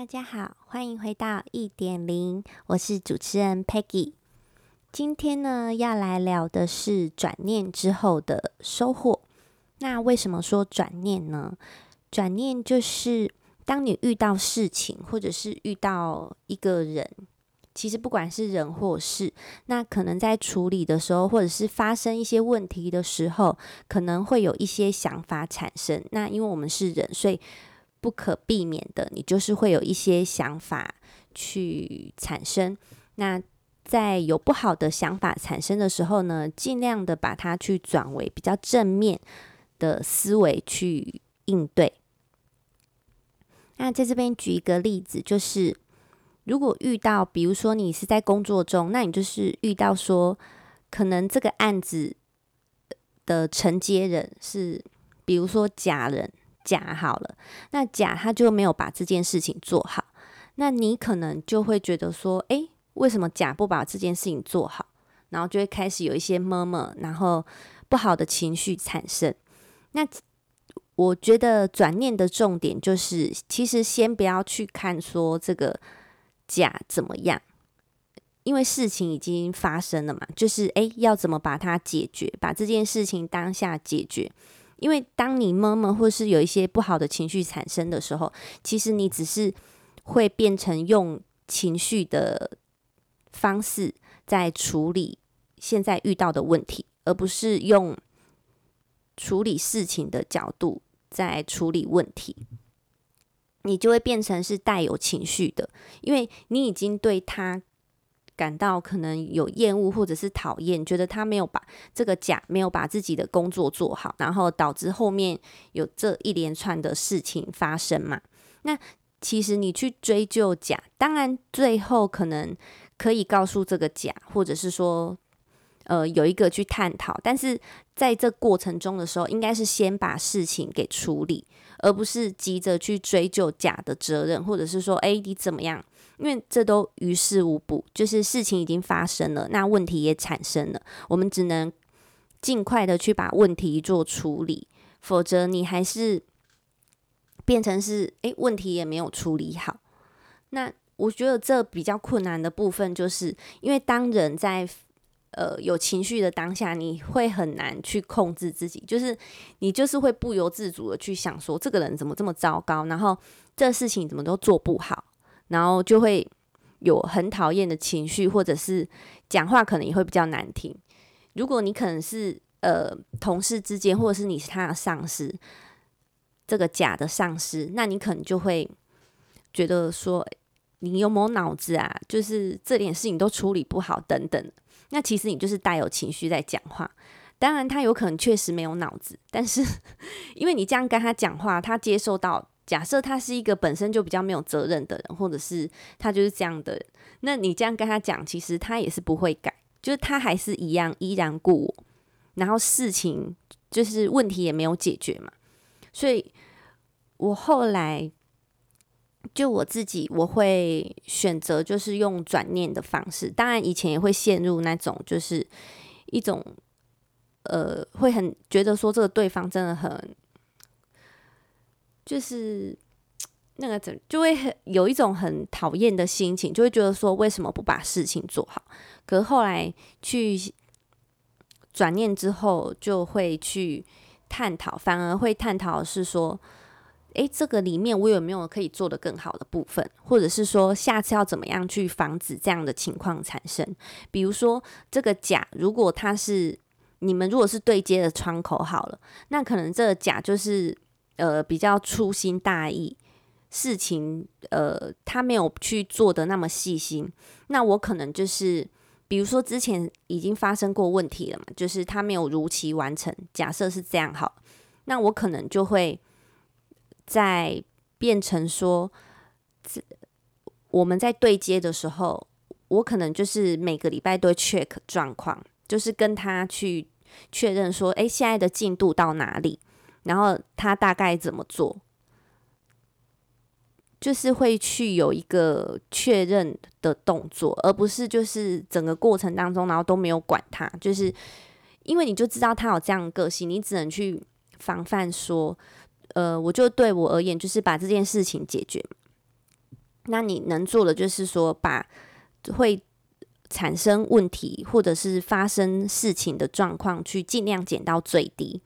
大家好，歡迎回到一點零，我是主持人 Peggy。今天呢，要來聊的是轉念之後的收穫。那為什麼說轉念呢？轉念就是當你遇到事情，或者是遇到一個人，其實不管是人或是事，那可能在處理的時候，或者是發生一些問題的時候，可能會有一些想法產生。那因為我們是人，所以不可避免的，你就是會有一些想法去產生。那在有不好的想法產生的時候呢，儘量的把它去轉為比較正面的思維去應對。那在這邊舉一個例子，就是如果遇到，比如說你是在工作中，那你就是遇到說，可能這個案子的承接人是，比如說假人。甲好了，那甲他就沒有把這件事情做好，那你可能就會覺得說，哎，為什麼甲不把這件事情做好？然後就會開始有一些悶悶，然後不好的情緒產生。那我覺得轉念的重點就是，其實先不要去看說這個甲怎麼樣，因為事情已經發生了嘛，就是哎，要怎麼把它解決，把這件事情當下解決。因為當你悶悶或是有一些不好的情緒產生的時候，其實你只是會變成用情緒的方式在處理現在遇到的問題，而不是用處理事情的角度在處理問題，你就會變成是帶有情緒的，因為你已經對他。感到可能有厭惡或者是討厭，覺得他沒有把這個甲，沒有把自己的工作做好，然後導致後面有這一連串的事情發生嘛。那其實你去追究甲，當然最後可能可以告訴這個甲，或者是說，呃，有一個去探討，但是在這過程中的時候，應該是先把事情給處理。而不是急着去追究假的責任，或者是說，哎，你怎麼樣？因為這都於事無補。就是事情已經發生了，那問題也產生了，我們只能盡快的去把問題做處理，否則你還是變成是，哎，問題也沒有處理好。那我覺得這比較困難的部分，就是因為當人在。呃，有情緒的當下，你會很難去控制自己，就是你就是會不由自主的去想說，這個人怎麼這麼糟糕，然後這事情怎麼都做不好，然後就會有很討厭的情緒，或者是講話可能也會比較難聽。如果你可能是呃同事之間，或者是你是他的上司，這個假的上司，那你可能就會覺得說，你有沒有腦子啊？就是這點事情都處理不好，等等。那其實你就是帶有情緒在講話，當然他有可能確實沒有腦子，但是因為你這樣跟他講話，他接受到，假設他是一個本身就比較沒有責任的人，或者是他就是這樣的人，那你這樣跟他講，其實他也是不會改，就是他還是一樣依然故我，然後事情就是問題也沒有解決嘛，所以我後來。就我自己，我會選擇就是用轉念的方式。當然，以前也會陷入那種，就是一種呃，會很覺得說，這個對方真的很，就是那個怎就會很有一種很討厭的心情，就會覺得說，為什麼不把事情做好？可是後來去轉念之後，就會去探討，反而會探討是說，誒，這個裡面我有沒有可以做得更好的部分？或者是說下次要怎麼樣去防止這樣的情況產生？比如說這個甲，如果他是你們如果是對接的窗口好了，那可能這個甲就是呃比較粗心大意，事情呃他沒有去做得那麼細心。那我可能就是比如說之前已經發生過問題了嘛，就是他沒有如期完成。假設是這樣好，那我可能就會。在變成說，我們在對接的時候，我可能就是每個禮拜都會 check 狀況，就是跟他去確認說，誒、欸，現在的進度到哪裡，然後他大概怎麼做，就是會去有一個確認的動作，而不是就是整個過程當中，然後都沒有管他，就是因為你就知道他有這樣的個性，你只能去防範說。呃，我就對我而言，就是把這件事情解決。那你能做的，就是說把會產生問題或者是發生事情的狀況，去盡量減到最低。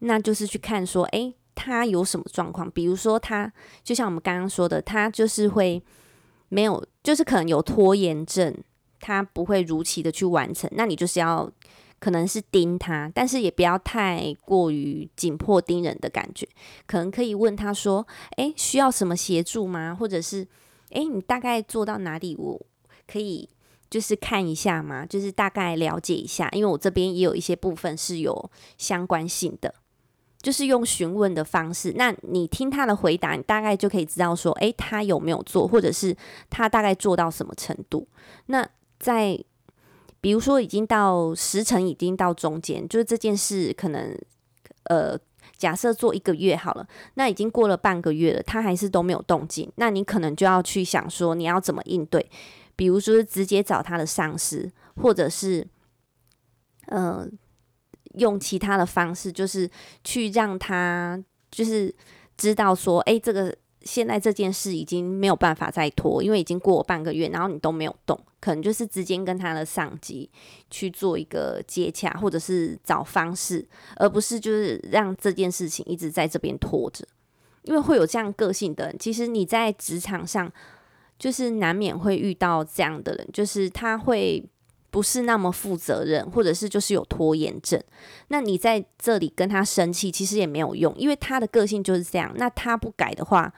那就是去看說，誒，他有什麼狀況？比如說，他就像我們剛剛說的，他就是會沒有，就是可能有拖延症，他不會如期的去完成。那你就是要。可能是盯他，但是也不要太過於緊迫盯人的感覺。可能可以問他說：“欸，需要什麼協助嗎？或者是，欸，你大概做到哪裡？我可以就是看一下嗎？就是大概了解一下，因為我這邊也有一些部分是有相關性的，就是用詢問的方式。那你聽他的回答，你大概就可以知道說，欸，他有沒有做，或者是他大概做到什麼程度？那在……比如說，已經到時辰，已經到中間，就是這件事可能，呃，假設做一個月好了，那已經過了半個月了，他還是都沒有動靜，那你可能就要去想說你要怎麼應對，比如說直接找他的上司，或者是，嗯、呃，用其他的方式，就是去讓他就是知道說，哎，這個。現在這件事已經沒有辦法再拖，因為已經過了半個月，然後你都沒有動，可能就是直接跟他的上級去做一個接洽，或者是找方式，而不是就是讓這件事情一直在這邊拖着。因為會有這樣個性的人，其實你在職場上就是難免會遇到這樣的人，就是他會不是那麼負責任，或者是就是有拖延症。那你在這裡跟他生氣，其實也沒有用，因為他的個性就是這樣。那他不改的話。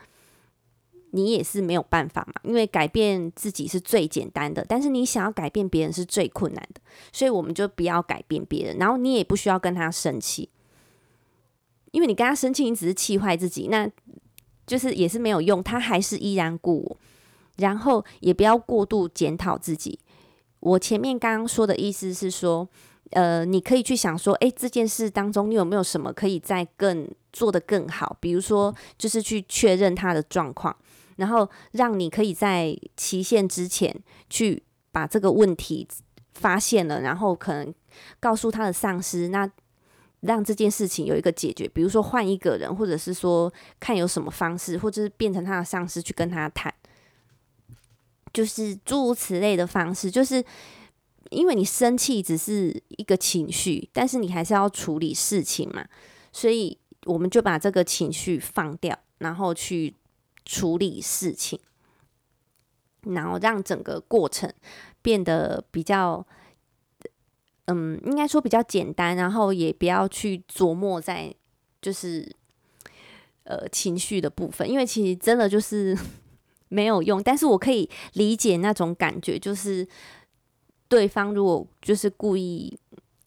你也是沒有辦法嘛，因為改變自己是最簡單的，但是你想要改變別人是最困難的，所以我們就不要改變別人，然後你也不需要跟他生氣，因為你跟他生氣，你只是氣壞自己，那就是也是沒有用，他還是依然故我，然後也不要過度檢討自己。我前面剛剛說的意思是說，呃，你可以去想說，哎，這件事當中你有沒有什麼可以再更做得更好，比如說就是去確認他的狀況。然後讓你可以在期限之前去把這個問題發現了，然後可能告訴他的上司，那讓這件事情有一個解決，比如說換一個人，或者是說看有什麼方式，或者是變成他的上司去跟他談，就是諸如此類的方式。就是因為你生氣只是一個情緒，但是你還是要處理事情嘛，所以我們就把這個情緒放掉，然後去。處理事情，然後讓整個過程變得比較，嗯，應該說比較簡單，然後也不要去琢磨在就是，呃，情緒的部分，因為其實真的就是沒有用。但是我可以理解那種感覺，就是對方如果就是故意，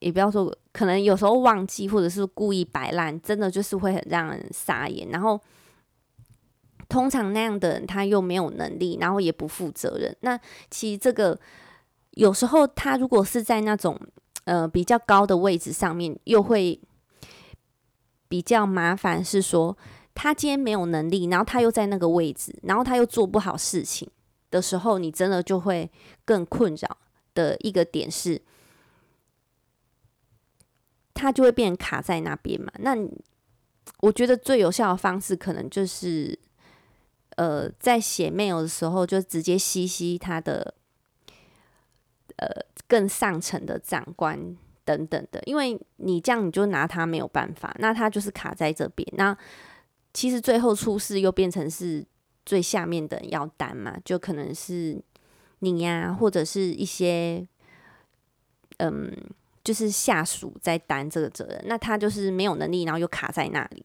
也不要說，可能有時候忘記，或者是故意擺爛，真的就是會很讓人傻眼，然後。通常那樣的人，他又沒有能力，然後也不負責任。那其實這個有時候，他如果是在那種呃比較高的位置上面，又會比較麻煩。是說他今天沒有能力，然後他又在那個位置，然後他又做不好事情的時候，你真的就會更困擾的一個點是，他就會變成卡在那邊嘛。那我覺得最有效的方式，可能就是。呃，在寫 mail 的時候，就直接 CC 他的呃更上層的長官等等的，因為你這樣你就拿他沒有辦法，那他就是卡在這邊。那其實最後出事又變成是最下面的人要擔嘛，就可能是你呀，或者是一些嗯，就是下屬在擔這個責任，那他就是沒有能力，然後又卡在那裡。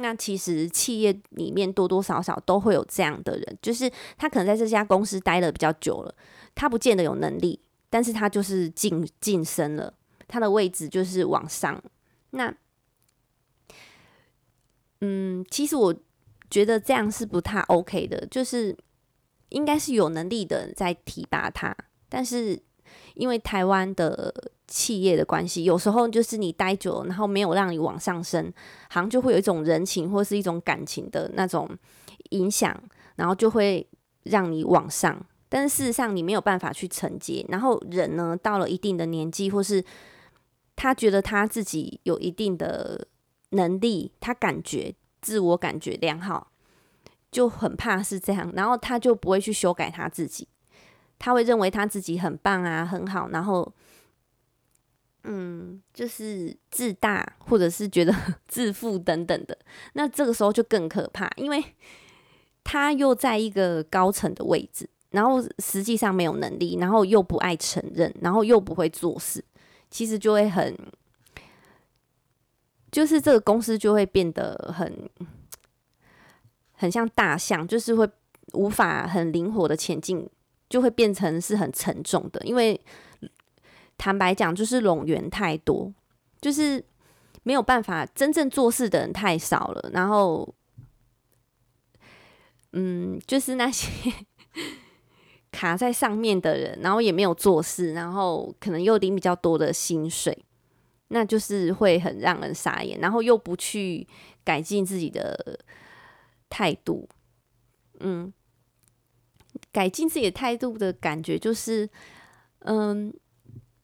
那其實企業裡面多多少少都會有這樣的人，就是他可能在這家公司待了比較久了，他不見得有能力，但是他就是晉晉升了，他的位置就是往上。那，嗯，其實我覺得這樣是不太 OK 的，就是應該是有能力的人在提拔他，但是。因為台灣的企業的關係，有時候就是你待久了，然後沒有讓你往上升，好像就會有一種人情或是一種感情的那種影響，然後就會讓你往上。但是事實上，你沒有辦法去承接。然後人呢，到了一定的年紀，或是他覺得他自己有一定的能力，他感覺自我感覺良好，就很怕是這樣，然後他就不會去修改他自己。他會認為他自己很棒啊，很好，然後，嗯，就是自大，或者是覺得自負等等的。那這個時候就更可怕，因為他又在一個高層的位置，然後實際上沒有能力，然後又不愛承認，然後又不會做事，其實就會很，就是這個公司就會變得很，很像大象，就是會無法很靈活的前進。就會變成是很沉重的，因為坦白講，就是冗員太多，就是沒有辦法真正做事的人太少了。然後，嗯，就是那些 卡在上面的人，然後也沒有做事，然後可能又領比較多的薪水，那就是會很讓人傻眼。然後又不去改進自己的態度，嗯。改進自己態度的感覺就是，嗯，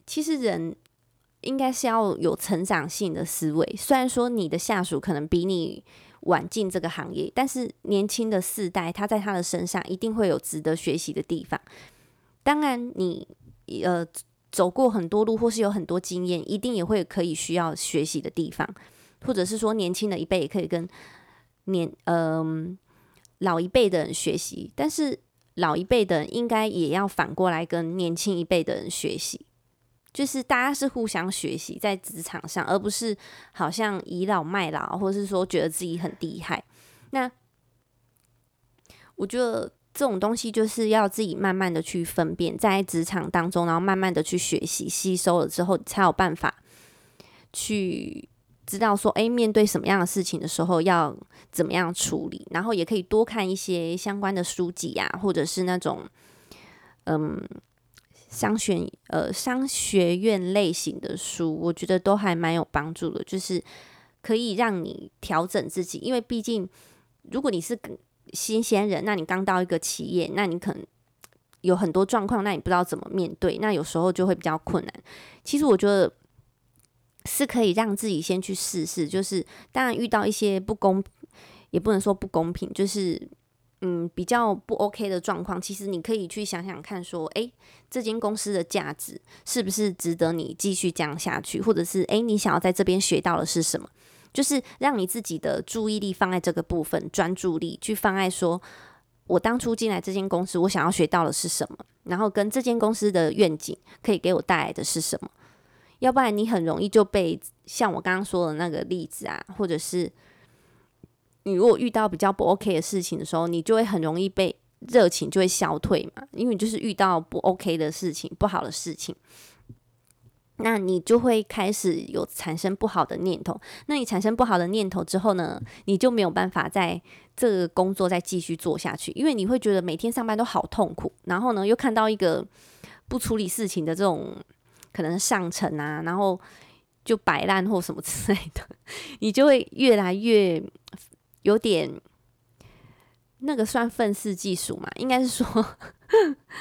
其實人應該是要有成長性的思維。雖然說你的下屬可能比你晚進這個行業，但是年輕的四代他在他的身上一定會有值得學習的地方。當然你，你呃走過很多路或是有很多經驗，一定也會可以需要學習的地方，或者是說年輕的一輩也可以跟年嗯老一輩的人學習，但是。老一輩的人應該也要反過來跟年輕一輩的人學習，就是大家是互相學習在職場上，而不是好像倚老賣老，或是說覺得自己很厲害。那我覺得這種東西就是要自己慢慢的去分辨，在職場當中，然後慢慢的去學習吸收了之後，才有辦法去。知道說，哎，面對什麼樣的事情的時候要怎麼樣處理，然後也可以多看一些相關的書籍啊，或者是那種，嗯，商學，呃，商學院類型的書，我覺得都還蠻有幫助的。就是可以讓你調整自己，因為畢竟如果你是新鮮人，那你剛到一個企業，那你可能有很多狀況，那你不知道怎麼面對，那有時候就會比較困難。其實我覺得。是可以讓自己先去試試，就是當然遇到一些不公，也不能說不公平，就是嗯，比較不 OK 的狀況，其實你可以去想想看說，說哎這間公司的價值是不是值得你繼續講下去，或者是哎你想要在這邊學到的是什麼，就是讓你自己的注意力放在這個部分，專注力去放在說，我當初進來這間公司，我想要學到的是什麼，然後跟這間公司的願景可以給我帶來的是什麼。要不然你很容易就被像我剛剛說的那個例子啊，或者是你如果遇到比較不 OK 的事情的時候，你就會很容易被熱情就會消退嘛。因為你就是遇到不 OK 的事情、不好的事情，那你就會開始有產生不好的念頭。那你產生不好的念頭之後呢，你就沒有辦法在這個工作再繼續做下去，因為你會覺得每天上班都好痛苦。然後呢，又看到一個不處理事情的這種。可能上層啊，然後就擺爛或什麼之類的，你就會越來越有點那個算憤世嫉俗嘛？應該是說，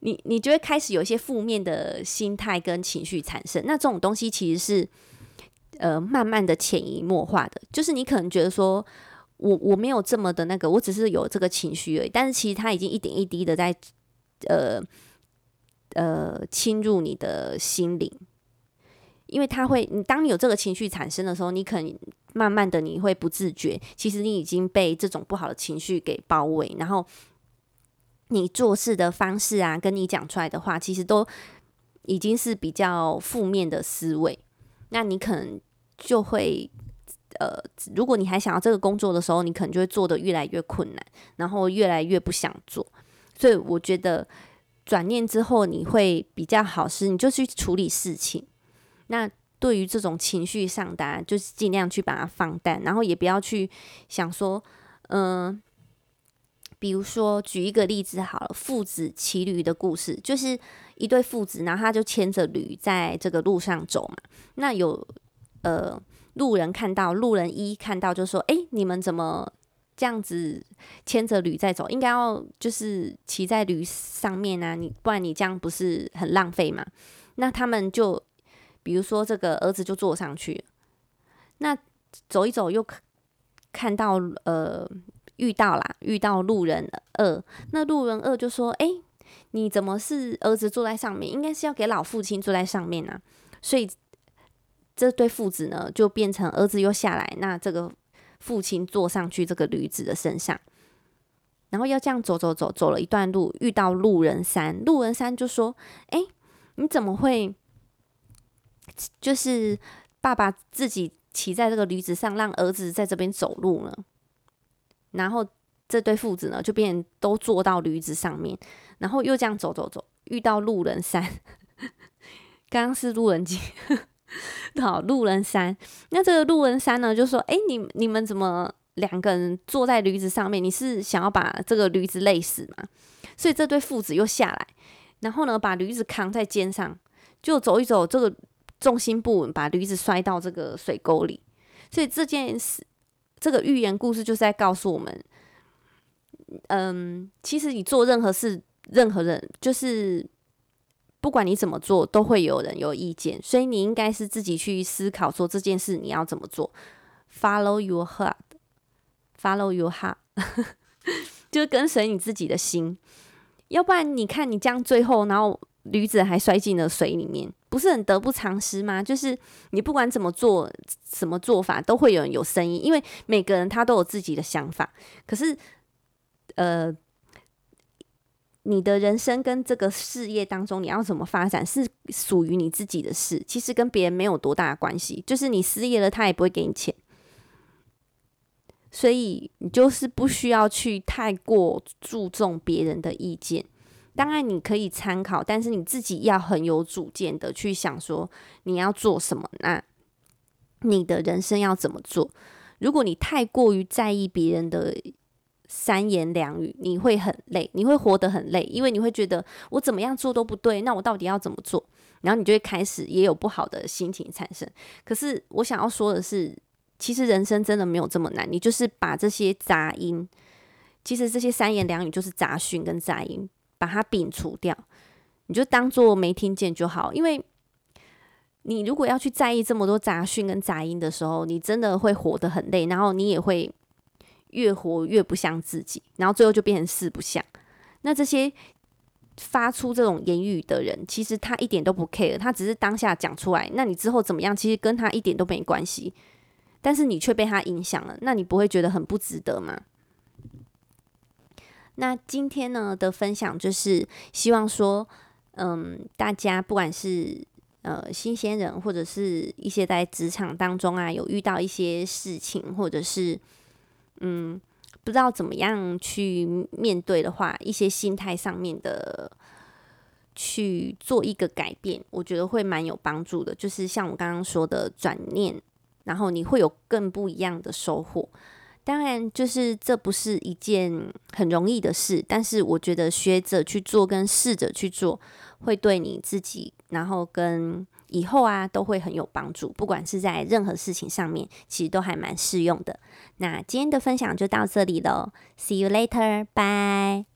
你你就會開始有一些負面的心態跟情緒產生。那這種東西其實是呃慢慢的潛移默化的，就是你可能覺得說我我沒有這麼的那個，我只是有這個情緒而已。但是其實它已經一點一滴的在呃。呃，侵入你的心靈，因為他會，你當你有這個情緒產生的時候，你可能慢慢的你會不自覺，其實你已經被這種不好的情緒給包圍，然後你做事的方式啊，跟你講出來的話，其實都已經是比較負面的思維，那你可能就會，呃，如果你還想要這個工作的時候，你可能就會做得越來越困難，然後越來越不想做，所以我覺得。轉念之後，你會比較好是，你就去處理事情。那對於這種情緒上大家，啊，就是盡量去把它放淡，然後也不要去想說，嗯、呃，比如說舉一個例子好了，父子騎驢的故事，就是一對父子，然後他就牽着驢在這個路上走嘛。那有呃路人看到，路人一看到就說：“哎，你們怎麼？”這樣子牽着驢在走，應該要就是騎在驢上面啊，你不然你這樣不是很浪費嘛？那他們就，比如說這個兒子，就坐上去，那走一走又看到呃遇到啦，遇到路人二，那路人二就說：“欸，你怎麼是兒子坐在上面？應該是要給老父親坐在上面啊。”所以這對父子呢，就變成兒子又下來，那這個。父親坐上去這個驢子的身上，然後又這樣走走走，走了一段路，遇到路人三，路人三就說：“哎，你怎麼會，就是爸爸自己騎在這個驢子上，讓兒子在這邊走路呢？”然後這對父子呢，就變都坐到驢子上面，然後又這樣走走走，遇到路人三， 剛剛是路人機。 好，路人三，那這個路人三呢，就說：“哎、欸，你你們怎麼兩個人坐在驢子上面？你是想要把這個驢子累死嗎？”所以這對父子又下來，然後呢，把驢子扛在肩上，就走一走，這個重心不穩，把驢子摔到這個水溝裡。所以這件事，這個寓言故事就是在告訴我們：嗯，其實你做任何事，任何人就是。不管你怎麼做，都會有人有意見，所以你應該是自己去思考，說，這件事你要怎麼做。Follow your heart，Follow your heart， 就跟隨你自己的心。要不然，你看你這樣，最後然後驢子還摔進了水裡面，不是很得不償失嗎？就是你不管怎麼做，什麼做法都會有人有聲音，因為每個人他都有自己的想法。可是，呃。你的人生跟這個事業當中，你要怎麼發展是屬於你自己的事，其實跟別人沒有多大的關係。就是你失業了，他也不會給你錢，所以你就是不需要去太過注重別人的意見。當然你可以參考，但是你自己要很有主見的去想說你要做什麼，那你的人生要怎麼做？如果你太過於在意別人的，三言兩語，你會很累，你會活得很累，因為你會覺得我怎麼樣做都不對，那我到底要怎麼做？然後你就會開始也有不好的心情產生。可是我想要說的是，其實人生真的沒有這麼難，你就是把這些雜音，其實這些三言兩語就是雜訊跟雜音，把它摒除掉，你就當做沒聽見就好。因為你如果要去在意這麼多雜訊跟雜音的時候，你真的會活得很累，然後你也會，越活越不像自己，然後最後就變成四不像。那這些發出這種言語的人，其實他一點都不 care，他只是當下講出來。那你之後怎麼樣，其實跟他一點都沒關係。但是你卻被他影響了，那你不會覺得很不值得嗎？那今天呢的分享就是希望說，嗯，大家不管是呃新鮮人，或者是一些在職場當中啊，有遇到一些事情，或者是。嗯，不知道怎麼樣去面對的話，一些心態上面的去做一個改變，我覺得會蠻有幫助的。就是像我剛剛說的轉念，然後你會有更不一樣的收穫。當然，就是這不是一件很容易的事，但是我覺得學著去做跟試着去做，會對你自己，然後跟。以後啊，都會很有幫助，不管是在任何事情上面，其實都還蠻適用的。那今天的分享就到這裡嘍，See you later，bye。